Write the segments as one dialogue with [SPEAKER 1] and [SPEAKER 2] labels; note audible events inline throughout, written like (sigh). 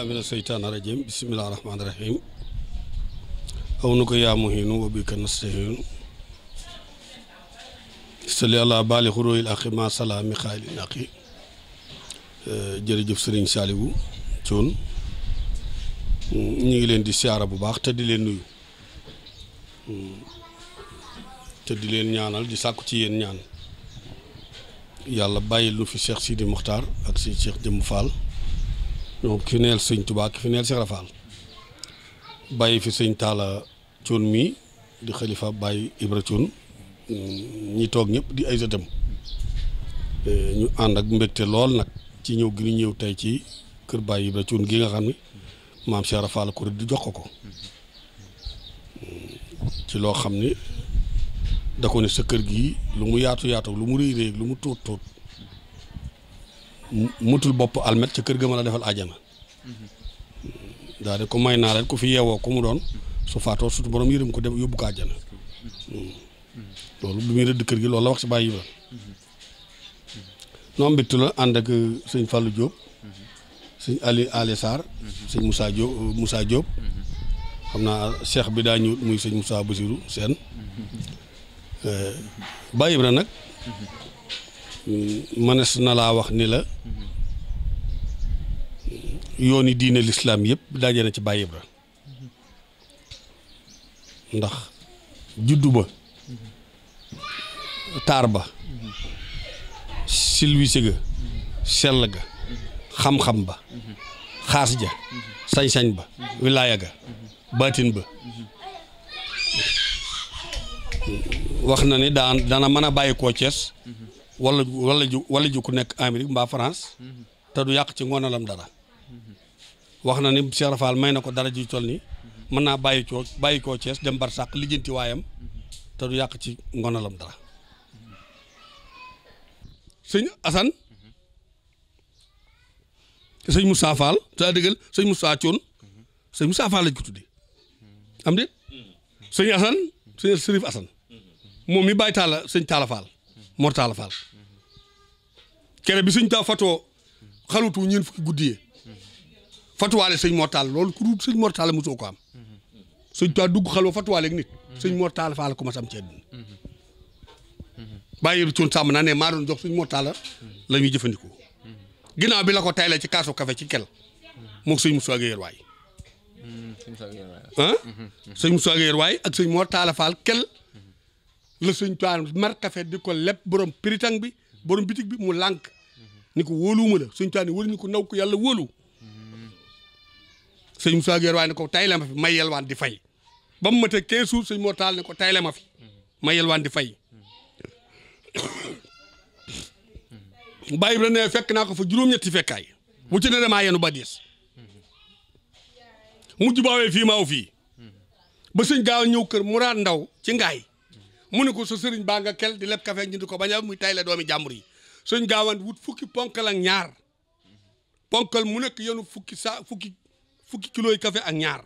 [SPEAKER 1] billahi mina seytaani rajim bisimillahi rahmaani rahim aw nu ko yaa muhinu wa bika nastahinu salli àla baali xuróyil aqi ma salaami xaayilin aqi jërëjëf sëriñ Saaliwu Cuun ñu ngi leen di siyaara bu baax te di leen nuyu te di leen ñaanal di sàkku ci yéen ñaan yàlla bàyyil nu fi Cheikh Sidi Mokhtar ak si Cheikh Jëmm Fall ñoo fi neel sëñ tubaak ki fi neel Seex bàyyi fi sëñ Taala Cuun mi di xalifa bàyyi Ibra Cuun ñi toog ñëpp di ay sëtam eh, ñu ànd ak mbégte lool nag ci ñëw gi ñu ñëw tey ci kër bàyyi Ibra Cuun gi nga xam ne maam Seex Ibra di jox ko ko hmm, ci loo xam ne da ko sa kër gii lu mu yaatu yaatu lu mu réy réy lu mu tuut tuut mutul bopp almet ca kër ga ma la defal àjjana daa de ko may naa leen ku fi yeewoo ku mu doon su faatoo sutu borom yërëm ko dem yóbbu ko àjjana hmm. loolu bi muy rëdd kër gi loolu la wax si bàyyi yibra noo mbittu la ànd ak euh, sëñ Fallou Diop sëñ Ali Ali Sarr sëñ Moussa Diop euh, Moussa Diop xam naa cheikh bi daa ñëw muy sëñ Moussa Basirou Sène euh, bàyyi yibra nag Mm, mënees na laa wax ni la yoon yooni diine lislaam yëpp daje na ci Baye Ibra ndax juddu ba taar ba silwise ga sell ga xam-xam ba xaas ja sañ-sañ ba wilaaya ga baatin ba wax na ni daan dana mën a bàyyi koo Cees wala wala ju wala ju nekk Amérique mbaa France mm-hmm. te du yàq ci ngoonalam dara wax na ni Cheikh Rafal may na ko dara ji toll ni mm-hmm. mën naa bàyyi coo bàyyi koo Cees dem bar barsàq lijjanti waayam mm-hmm. te du yàq ci ngoonalam dara sëñ Assane sëñ Moussa sëñ Moussa Thion sëñ lañ ko tuddi am déet sëñ moom mi bàyyi Talla sëñ Talla Fall Mortala Fall kere bi suñ taa fatoo xalutu ñeen fukki guddi yee fatuwaale sëñ Mortala loolu ku dul sëñ Mortala mosoo ko am suñ taa dugg xaloo fatuwaale ak nit sëñ Mortala Fall ko mas am ci àdduna bàyyi yëru coon sàmm maa doon jox suñ Mortala la ñuy jëfandikoo ginnaaw bi la ko taylee ci kaasu café ci kel moog sëñ Moussa Gueye waay ah
[SPEAKER 2] hmm, sëñ
[SPEAKER 1] Moussa Gueye waay ak kel la sëñ tuwaan mar café di ko leb borom pritang bi borom bitik bi mu lànk ni ko wóoluwuma la sëñ tuwaan wóolu ko naw ko yàlla wóolu sëñ ko tayle fi may yelwaan di fay ba mu matee quinze jours sëñ Mor ko tayle ma fi may yelwaan di fay bàyyi bi la fekk naa ko fa juróom-ñetti fekkaay bu ci ne damaa yenu ba diis mujj baawee fii maaw fi ba sëñ gaaw ñëw kër Mourad Ndaw ci ngaay mu ne ko sa sëriñ baa nga kel di leb café jënd ko bañ a muy tay la doomi jàmbur yi suñ gaawaan wut fukki ponkal ak ñaar ponkal mu nekk yenu fukki sa fukki fukki kilo yi ak ñaar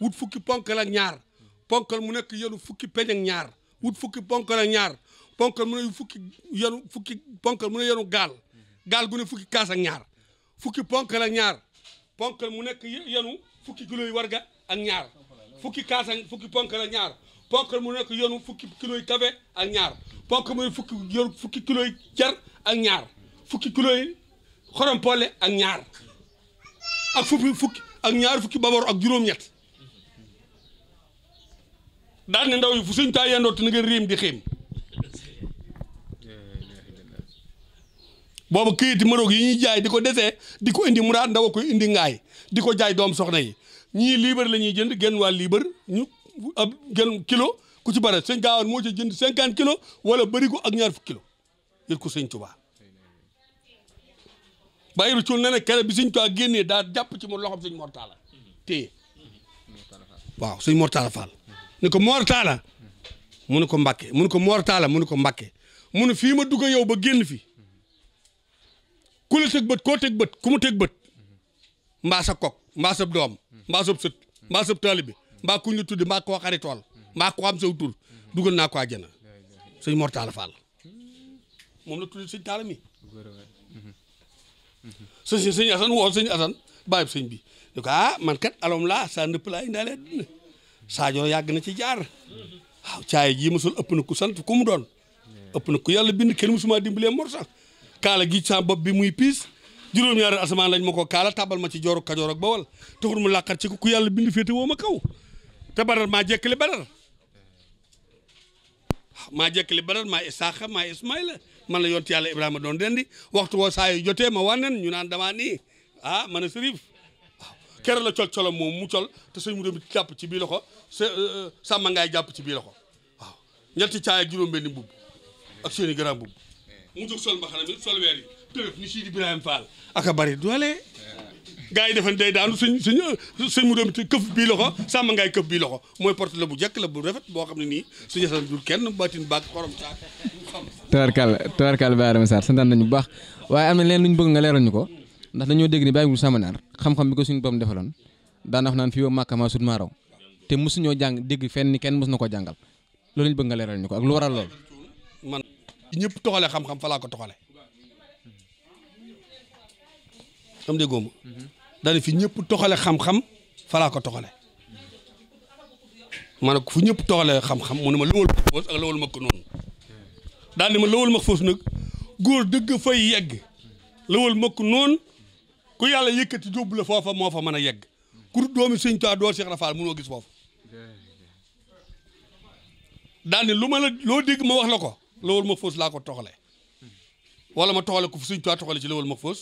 [SPEAKER 1] wut fukki ponkal ak ñaar ponkal mu nekk yenu fukki peñ ak ñaar wut fukki ponkal ak ñaar ponkal mu ne fukki yenu fukki ponkal mu gaal gaal gu ne fukki kaas ñaar fukki ponkal ak ñaar ponkal mu nekk yenu fukki kilo yi warga ak ñaar fukki kaas ak fukki ponkal ak ñaar ponkal mu nekk yoonu fukki kiloy yi kafe ak ñaar ponkal mu nekk fukki yoonu kilo yi jar ak ñaar fukki kilo yi xorompole ak ñaar ak fukki ak ñaar fukki babor ak juróom-ñett daal ne ndaw yi fu suñ taa yendoo te na ngeen riim di xiim boobu këyiti maroog yi ñuy jaay di ko desee di ko indi muraat ndaw a koy indi ngaay di ko jaay doom soxna yi ñii liibar lañuy ñuy jënd genn waa liibar ab gel kilo ku ci bare sëñ gaawaan moo ci jënd cinquante kilo wala bërigo ak ñaar fukki kilo yër ko sëñ Tuubaa bàyyiru cul ne ne kere bi sëñ Tuubaa génnee daa jàpp ci mu loxom sëñ Mortala téye waaw sëñ Mortala Fall ni ko Mortala mu ne ko Mbàkke mu ne ko Mortala mu ne ko Mbàkke mu ne fii ma dugg yow ba génn fi ku la teg bët ko teg bët ku teg bët mbaa kok mbaa doom mbaa sa sët taalibe mbaa kuñ la tudde mbaa koo xaritool mbaa koo am saw tur dugal naa ko àjjana sëñ Mor Talla Fall moom la tudde sëñ Talla mi sëñ sëñ Asan woo sëñ Asan bàyyi sëñ bi ne ko ah man kat alom laa saa nëpp laa indaale dina Sadio yàgg na ci jaar waaw ji jii mosul ëpp na ku sant ku mu doon ëpp na ku yàlla bind kenn mosuma dimbalee Mor sax kaala gi sa bopp bi muy piis juróom-ñaari asamaan lañ ma ko kaala tabal ma ci jooru kajoor ak bawal taxul mu làqat ci ku yàlla bind féete te badar maa jekkali badar maa jekkali badar maa isaaxa maa ismaila man la yonti yàlla ibrahima doon dendi waxtu woo saa yu jotee ma wannen ñu naan damaa nii ah man a sërif kere la col colom moom mu col te sëñ ci bii loxo euh, euh, ngaay jàpp ci bii loxo waaw ñetti juróom-benni mbubb ak seen i grand mu jóg sol mbaxana mi sol weer yi tërëf ni Sidi Ibrahima aka bari doole gaa yi defan day daanu suñ suñ suñ mu doom te këf bii loxo sàmm ngaay këf bii loxo mooy porte la bu jekk la bu rafet boo xam ne nii suñu san dul kenn baatin baag xorom saak
[SPEAKER 2] tabarkal tabarkal Baye Adama Sarr santaan nañu bu baax waaye am na leen lu ñu bëgg nga leeral ñu ko ndax dañoo dégg ni Baye Modou Samanaar xam-xam bi ko suñu borom defaloon daan wax naan fii woo màkka maa sut maa raw te mosuñoo jàng dégg fenn ni kenn mosu na ko jàngal
[SPEAKER 1] loolu ñu bëgg nga leeral ñu ko ak lu waral lool man ñëpp toxale xam-xam fa laa ko toxale dana fi ñëpp toxale xam-xam falaa ko toxale ma ne ko fu ñëpp toxale xam-xam mu ne ma lawal maxfoos ak lawal ma ko noonu daal di ma lawal maxfoos nag góor dëgg fay yegg lawal ma ko ku yàlla yëkkati jóbbu la foofa moo fa mën a yegg ku doomi sëñ Tuubaa doo Seex Rafaal mënoo gis foofu daal lu ma la loo dégg ma wax la ko lawal ma foos laa ko toxale wala ma toxale ku fu sëñ Tuubaa toxale ci lawal ma foos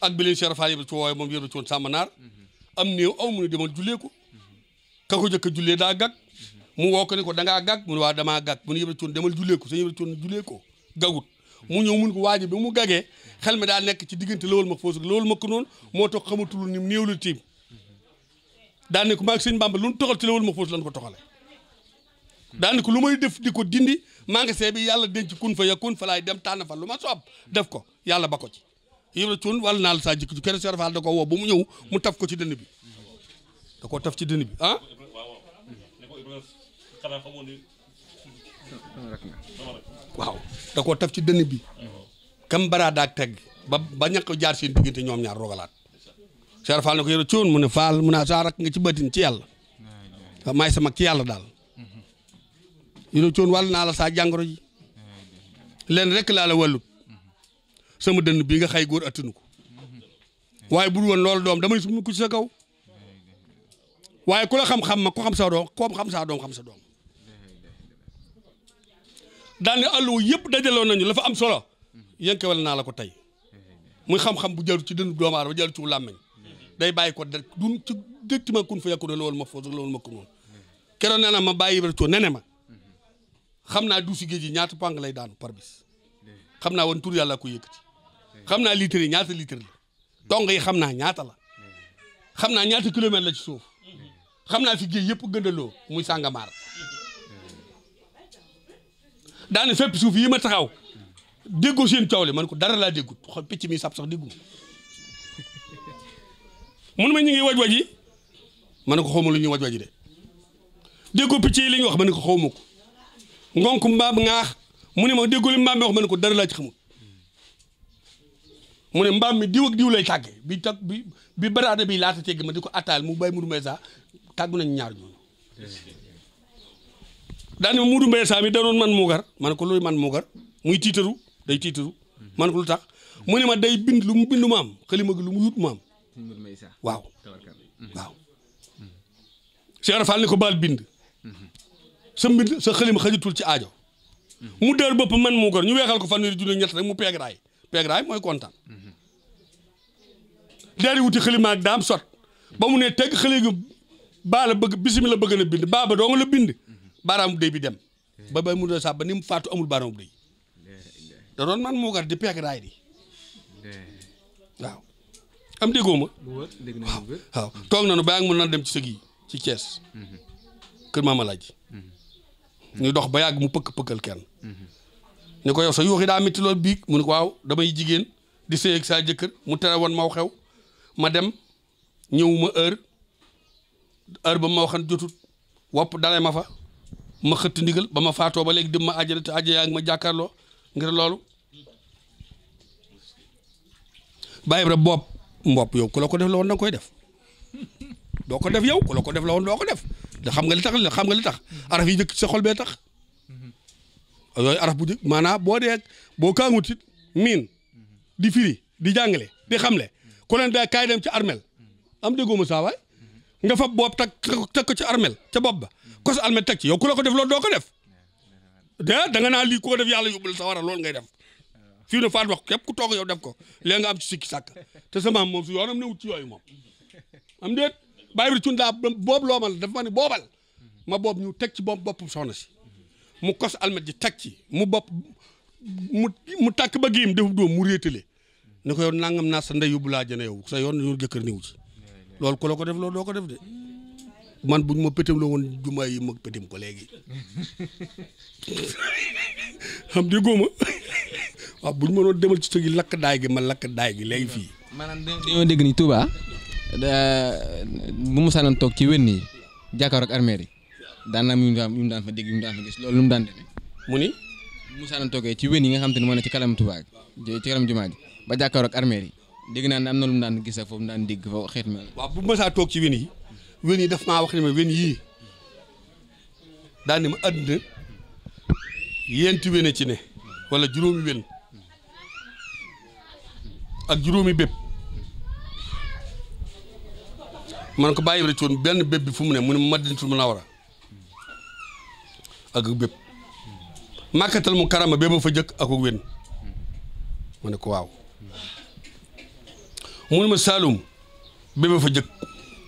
[SPEAKER 1] ak bi leen Cheikh Fall yëpp ci wooye moom yëpp ci woon sàmm am néew aw mu demal jullee ka ko jëkk a jullee daa gàgg mu woo ko ne ko da ngaa gàgg mu waa damaa gàgg mu ne yëpp ci demal jullee ko sëñ yëpp ci ko gagut mu ñëw mun ko waaji bi mu gagee xel mi daa nekk ci diggante lawal ma foosu lawal ma ko moo tax xamatul ni néew la tiim daa ne ko lu nu toxal ma foosu lan ko toxale daa ne ko lu may def di ko dindi maa ngi see bi yàlla denc kun fa ya fa laay dem tànn fa lu ma soob def ko yàlla ba ko ci Ibra Cuun wàll naa la saa jikko ju kere Cheikh da ko woo ba mu ñëw mu taf ko ci dënn bi da koo taf ci dënn bi ah waaw koo taf ci dënn bi kam baraadaak teg ba ba ñàkk jaar seen diggante ñoom ñaar rogalaat a Fall ne ko Ibra Cuun mu ne Fall mu ne ah, saa rakk nga ci bëtin ci yàlla maay sa mag ci daal Ibra Cuun wàll naa la saa jàngoro ji leen rek laa la wàllut sama dënn bii nga xay góor attanu ko waaye bu dul woon doom damay sumb ko ci sa kaw waaye ku la xam-xam ma ku xam saa doom ku xam sa doom xam sa doom daane alluwa yëpp dajaloon nañu la am solo yënke wala naa la ko tey muy xam-xam bu jaru ci dëndu doomu aadama jaru ci làmmeñ day bàyyi ko dun ci directement kun fa yàkku na loolu ma foosu loolu ma ko noonu keroon ma bàyyi ba coo ma xam naa du si géej yi ñaata pang lay daanu par bis xam naa woon tur yàlla ku yëkkati xam naa litres yi ñaata litres la dong yi xam naa ñaata la xam naa ñaata kilomètre la ci suuf xam naa fi géej yëpp gëndaloo muy Sàngamaar daane fépp suuf yi ma taxaw déggoo seen coow li man ko dara laa déggut xool picc mi sab sax déggu mun ma ñu ngi waj waji ma ne ko xawma lu ñuy waj waji de déggoo picc yi li ñu wax ma ne ko xawma ko ngonk mbaam ngaax mu ne ma déggoo li mbaam mi wax ma ne ko dara laa xamul mu ne mbaam mi diw ak diw lay bi tag bi bi baraada bi laata tegg ma di ko attaal mu bay Mourou Meysa tàggu nañ ñaar ñooñu daani ma Mourou Meysa mi danoon man muugar man ko luy man muugar muy tiitaru day tiitaru man ko lu tax mu ma day bind lu mu bind ma am xalima lu mu yut ma am waaw waaw Cheikh Rafal ni ko baal bind sa mbind sa xalima xajutul ci aajo hmm. mu dër bopp man muugar ñu weexal ko fanweeri junni ñett rek mu peeg raay peeg raay daari wuti xalima ak daam sot ba mu ne teg xale gi baa la bëgg bisimilah bëgg na bind baaba doo nga la bind baaraamu day bi dem ba bay mu doon sàbba ni mu faatu amul baaraamu day da doon man moo gar di peeg raay di waaw am déggoo ma waaw waaw toog nañu ba yàgg mun na dem ci sëg yi ci Thiès kër maama laaj mhm. ñu dox ba yàgg mu pëkk pëkkal kenn mhm. ni ko yow sa yuuxi daa métti lool biig mu ne ko waaw damay jigéen di sëy ak saa jëkkër mu tere woon maw xew ma dem ñëwuma heure heure ba ma waxan jotut wopp dale ma fa ma xëtt ndigal ba ma faatoo ba léegi dem ma àjjana te àjjana yaa ngi ma jàkkaarloo ngir loolu bàyyi rek bopp mbopp yow ku la ko def la woon koy def doo ko def yow ku la ko def la woon doo def da xam nga li tax xam nga li tax araf yi jëkk sa xol bee tax yooyu araf bu jëkk maanaam boo dee boo kaangut it miin di firi di jàngale di xamle ku ne daa kaay dem ci armeel am déggoo ma saa nga fa boob tak teg ko ci armel ca bopp ba kos armel teg ci yow ku la ko def loolu doo ko def de danga nga naa lii ku ko def yàlla yóbbul sa war a loolu ngay def fii ne faat wax képp ku toog yow def ko léegi nga am ci sikki sàkk te sama moom su yoonam ne wut ci yooyu moom am déet bàyyi bi cun daa boobu loomal def ma ne boobal ma boob ñu teg ci bopp bopp soxna si mu kos almet ji teg ci mu bopp mu mu ba giim defu doom mu réetale ni ko yow nangam naa sa ndey yóbbu laa jëne yow sa yoon yoon jëkkër niw ci loolu ku la ko def loolu doo def de man buñ ma pétim la woon yi ma pétim ko léegi (laughs) xam di góoma (laughs) buñ ma doon demal ci sëgi lakk daay gi ma lakk daay gi léegi fii maanaam dañoo dégg ni Touba
[SPEAKER 2] bu mu sanan toog ci wenn yi jàkkaarook armée yi daan naa mu daan fa dégg mu daan fa gis loolu lu mu daan demee mu ni Moussa na toogee ci wén yi nga xam te ne moo ne ci kalam Touba ci kalam ba jàkkaaroo ak armée yi dégg naa ne am na lu mu daan gis ak foofu mu daan dégg foofu xeet ma waaw
[SPEAKER 1] bu ci wén yi wén yi daf maa wax ne ma wén yii daan ne ma àdduna yéenti wén ci ne wala juróomi wén ak juróomi bépp man ko bàyyi rek woon benn bépp bi fu mu ne mu ne ma Madinatul Munawwara ak bépp màkkatal mu karama bee ba fa jëkk ak wén ma ne ko waaw mu ma Saalum bee ba fa jëkk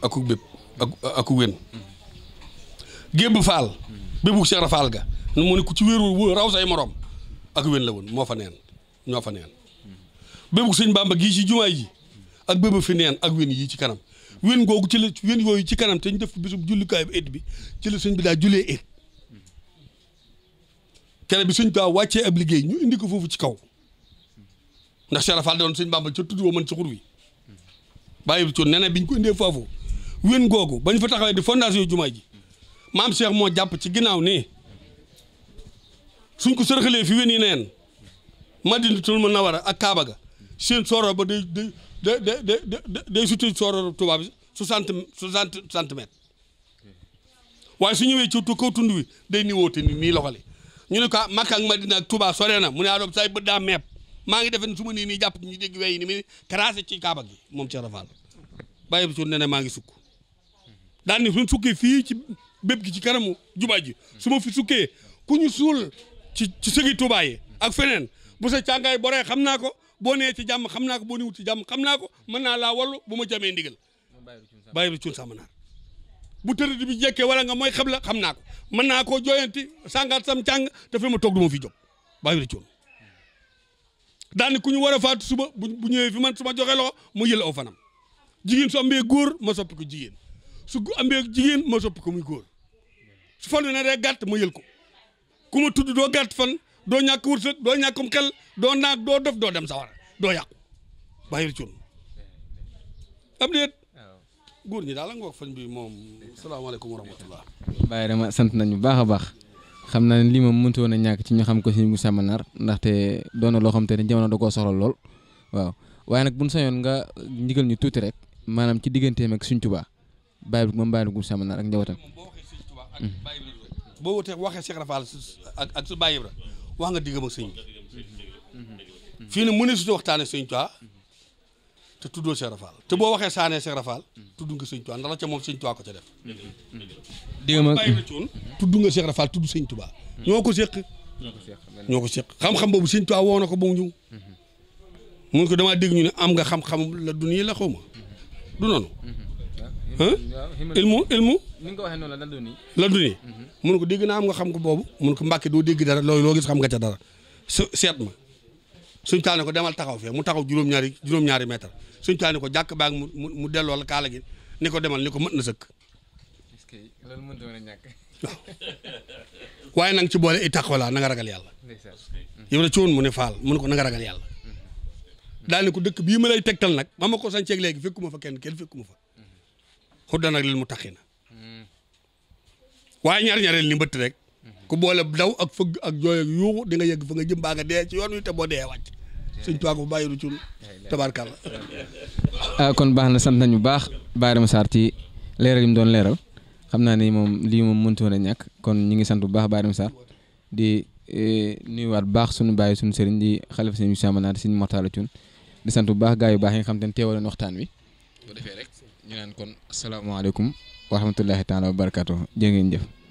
[SPEAKER 1] ak bépp ak ak wén gébb faal bébu Cheikh Rafaal ga nu ne ku ci wéeru raw say morom ak wén la woon moo fa neen ñoo fa neen bébu sëñ Bàmba gii ci jumaay ji ak bébu fi neen ak wén yii ci kanam wén googu ci la wén yooyu ci kanam te ñu def ko bisub jullikaay bi éet bi ci la sëñ bi daa jullee éet kere bi suñ taa wàccee ab liggéey ñu indi ko foofu ci kaw ndax Cheikh Rafal doon suñ bàmba ca tudd woo man ci xur wi bàyyi bi ci nee biñ bi ñu ko indee foofu wén googu bañ fa taxawee di fondation jumaa ji maam Cheikh moo jàpp ci ginnaaw nii suñ ko sërxalee fi wén yi neen Madinatul Munawwara ak Kaaba ga seen sooro ba day day day day day suti sooro tubaab bi soixante soixante centimètres waaye su ñëwee ci kaw tund wi day niwoote ni nii loxo ñu ne ko ah, Makka ma Madina ak Touba sore na mu ne adob ah, say bët daa meeb maa ngi defe ne su ma nii nii jàpp ñu dégg wey ni muy tracé ci Kaaba gi moom Cheikh Rafal bàyyi bi suur ne ne maa ngi sukk daal ni suñ fii ci bépp gi ci kanamu jubaa ji su ma fi sukkee ku ñu suul ci ci sëgi Touba yi ak feneen bu sa càngaay boree xam naa ko boo nee ci jàmm xam naa ko boo niwut ci jàmm xam naa ko mën naa laa wallu bu ma jamee ndigal bàyyi bi cuun sama naa bu tërëdi bi jekkee wala nga mooy xam la xam naa ko mën naa koo jooyanti sàngaat sam càng te ma toog du ma fi jóg bàyyi la coon daani ku ñu war a faatu suba bu ñëwee fi ma suma joxe loxo moo yël aw fanam jigéen su ambee góor ma soppi ko jigéen su ambee jigéen ma soppi ko muy góor su fan na rek gàtt ma yël ko ku ma tudd doo gàtt fan doo ñàkk wërsëg doo ñàkkum xel doo naag doo def doo dem sawara doo yàqu bàyyi la coon am déet góor ñi daal la nga wax fañ bi moom salaamaaleykum wa rahmatullah.
[SPEAKER 2] Baye dama sant nañu bu baax a baax xam naa ne lii moom mënut woon na ñàkk ci ñu xam ko si Moussa Manar ndaxte doon loo xam te ne jamono da koo soxla lool waaw waaye nag bu ñu sañoon nga ndigal ñu tuuti rek maanaam ci digganteem ak Sëñ Tuubaa Baye bi moom Baye bi Moussa Manar ak njabootam. Hmm.
[SPEAKER 1] boo wutee waxee Cheikh Rafal ak ak su Baye Ibra wax nga diggam ak sëñ bi hmm. fii ne mu ne suñu waxtaanee Sëñ Tuubaa te tuddoo Cheikh Rafal te boo waxee saanee Cheikh Rafal tudd nga sëñ Tuubaa ndax la ca moom sëñ Tuubaa ko ca def
[SPEAKER 2] dégg nga bàyyi na coon
[SPEAKER 1] tudd nga Cheikh Rafal tudd sëñ Tuubaa ñoo ko séq ñoo ko séq xam-xam boobu sëñ Tuubaa woo na ko ba mu ñëw mun ko damaa dégg ñu ne am nga xam-xam la du nii la xaw ma du noonu
[SPEAKER 2] ilmu ilmu ni nga ko waxee noonu la du nii
[SPEAKER 1] la du nii mun ko dégg naa am nga xam ko boobu mun ko mbàkke doo dégg dara loolu loo gis xam nga ca dara seet ma suñ taal ne ko demal taxaw fee mu taxaw juróom-ñaari juróom-ñaari mètre suñ tubaab ko jàkk baag mu mu delloo la kaala gi ni ko demal ni ko mën na sëkk.
[SPEAKER 2] loolu mënut a ñàkk.
[SPEAKER 1] waaw (laughs) waaye na ci boole i taqwala na ragal yàlla. yow da ci woon mu ne faal mu ne ko na ragal yàlla. Mhm. daal ni ko dëkk bii ma lay tegtal nag ma ma ko sànceeg léegi fekkuma fa kenn kenn fekkuma fa. Mhm. xudda nag leen mu taxina. Mhm. waaye ñaar-ñaareel ni mbëtt rek. ku boole daw ak fëgg ak jooy ak yuuxu di nga yegg fa nga jëm baa nga dee ci yoon wi te boo dee wàcc. suñ sëñ Tuubaa ko bàyyiru cun tabaarkàlla
[SPEAKER 2] ah kon baax na sant bu baax Baye mu Sarr ci leeral yi mu doon leeral xam naa ne moom lii moom mëntu woon a ñàkk kon ñu ngi sant bu baax Baye Rama Sarr di eh, nuyuwaat baax suñu bàyyi suñu sëriñ di xalifa sëñ Moussa Manaat sëñ Mortala Cun di sant bu baax gaa yu baax yi nga xam te ne teewaloon waxtaan wi bu defee rek ñu naan kon asalaamaaleykum wa rahmatullahi taala wa barakaatu jërë ngeen jëf